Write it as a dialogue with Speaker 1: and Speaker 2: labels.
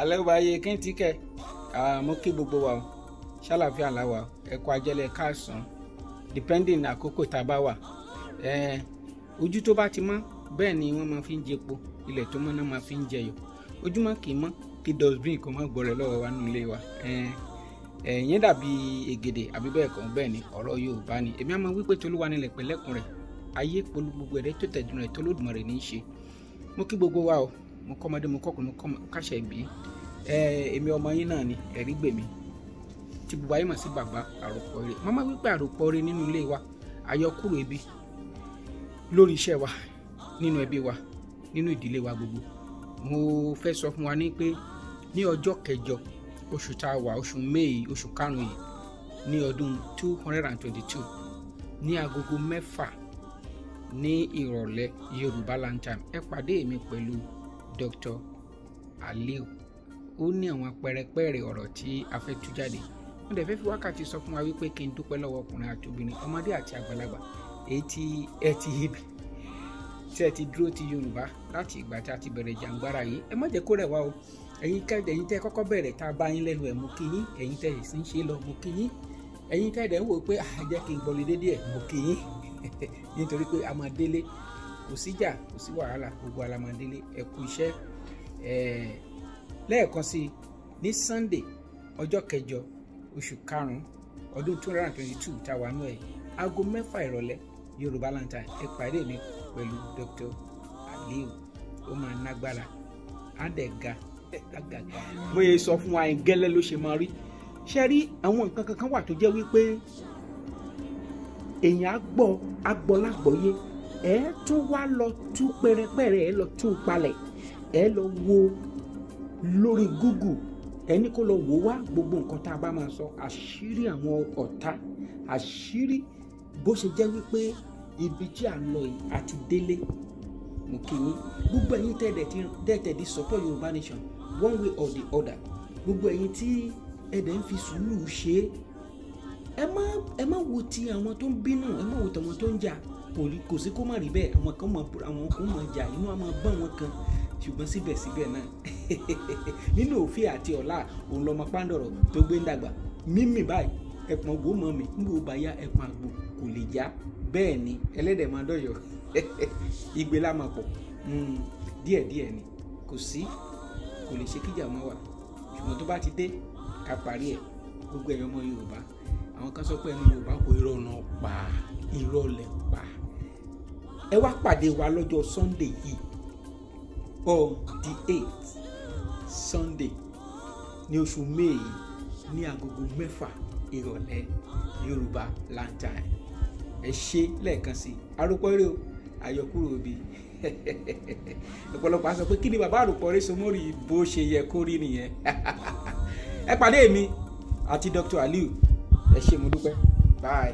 Speaker 1: alẹ́ wa ayé kéntì kẹ mo kí gbogbo wa o ṣàlàfíà ńlá wa ẹ kú ajẹ́lẹ̀ káàsán depending àkókò tá a bá wà ojú tó bá ti mọ́ bẹ́ẹ̀ ni wọ́n máa fi ń jẹpo ilẹ̀ tó mọ́ náà máa fi ń jẹyọ̀ ojúmọ́ kì í mọ́ kí dustbin kò má gbọ́ rẹ̀ lọ́wọ́ wa nínú ilé wa ẹ̀yìn dàbí ègèdè àbí bẹ́ẹ̀ kàn bẹ́ẹ̀ ni ọ̀rọ̀ Yorùbá ni èmi àmọ́ wípé tolúwa nílẹ̀ pẹ̀lẹ́kùn rẹ̀ ayé polu gbogbo rẹ̀ tó tẹ̀dùn rẹ̀ tó lódùmọ̀ rẹ̀ ní í ṣe mo kí gbogbo wa o mo kọ́ ọmọdé mo kọ́kùnrin mo kọ́ káṣẹ́ ìbí èmi ọmọ yín náà ni ẹ̀rí gbèmí tí gbogbo ayé mọ̀ sí bàbá àròpọ̀ rẹ̀ màmá wípé àròpọ̀ rẹ̀ nínú ilé wa àyọkúrò ebi lórí iṣẹ́ wa nínú ẹbí wa nínú ìdílé wa gbogbo mo fẹ́ sọ fún wa ní pé ní ọjọ́ kẹjọ oṣù tá a wà oṣù may oṣù karùn-ún yìí ní ọdún two hundred and twenty-two ní agogo mẹ́fà ní ìrọ̀lẹ́ yorùbá land time ẹ pàdé mi pẹ̀lú dr aliu ó ní àwọn pẹ̀rẹ̀pẹ̀rẹ̀ ọ̀rọ̀ tí a fẹ́ tú jáde wọ́n dẹ̀ fẹ́ fi wákàtí sọ fún wa wípé kí n dúpẹ́ lọ́wọ́ ọkùnrin àti obìnrin ọmọdé àti àgbàlagbà èyí tí ẹ ti hebi tí ẹ ti dúró ti Yorùbá láti ìgbà tí a ti bẹ̀rẹ̀ jàǹgbára yìí ẹ má jẹ́ kó rẹ̀ wá o ẹ̀yin kẹ́dẹ̀ ẹ̀yin tẹ́ kọ́kọ́ bẹ̀rẹ̀ tá a bá yín lẹ́nu ẹ̀ mú kí yín ẹ̀yin tẹ́ sì ń ṣe lọ mú kí yín ẹ̀yin kẹ́dẹ̀ ń wò pé àjẹ́ kí n gbọ́lé dédé ẹ̀ mú kí yín nítorí pé a máa délé kò síjà kò sí wàhálà gbogbo àlà ẹ kú iṣẹ́ ẹ̀ẹ́ lẹ́ẹ̀kan sí ní Sunday ọjọ́ kẹjọ oṣù karùn-ún ọdún two hundred and twenty-two táwa nú ẹ̀ aago mẹ́fà ìrọ̀lẹ́ Yorùbá Lantern ẹ pàdé mi pẹ̀lú Dr. Aliu ó máa nágbára á dẹ̀ ga gàgàgà bóyá sọ fún wa gẹ́lẹ́ ló ṣe máa rí ṣe rí àwọn nǹkan kankan wà tó jẹ́ wípé èèyàn á gbọ́ ẹ tún wá lọ tú pẹrẹpẹrẹ ẹ lọ tú palẹ̀ ẹ lọ wo lórí google ẹni kó lọ wò wá gbogbo nǹkan tá a bá máa sọ àṣírí àwọn ọ̀tá àṣírí bó ṣe jẹ́ wípé ibi tí à ń lọ yìí àti délé mo kí yín gbogbo ẹ̀yin tẹ̀tẹ̀ di support yorùbá nation one way or the other gbogbo ẹ̀yin tí ẹ̀dẹ̀ ń fi sùúrù ṣe é má ẹ má wo ti àwọn tó ń bínú ẹ má wo ti àwọn tó ń jà kò sí kó má rí bẹ́ẹ̀ àwọn kan mọ̀ àwọn kan mọ̀ jà inú àwọn bá wọn kan ṣùgbọ́n síbẹ̀síbẹ̀ náà. nínú òfin àti ọ̀la òun lọmọ pándọ̀rọ̀ tó gbé ń dàgbà mímì báyìí ẹ̀pọ̀n ògbó mọ́ mi nígbà ó bá ẹ̀pọ̀n àgbò kò lè já bẹ́ẹ̀ ni ẹlẹ́dẹ̀ máa dọ̀yọ̀ igbe lámàpọ̀ hmm, díẹ̀díẹ̀ ni kò sí kò lè ṣe kíjà mọ́ wa ṣùgbọ́n tó bá ti dé ká parí wa lọ́jọ́ Sunday yìí on the Sunday ní oṣù May yìí ní agogo mẹ́fà ìrọ̀lẹ́ Yorùbá Land Time ẹ ṣe lẹ́ẹ̀kan sí arúpọ́rẹ́ o àyọkúrò òbí ọ̀pọ̀lọpọ̀ á sọ pé kí ni bàbá àròpọ̀rẹ́ so mórì bó ṣe yẹ kó rí nìyẹn ẹ pàdé mi àti Dr. Aliu ẹ ṣe mo dúpẹ́ bye.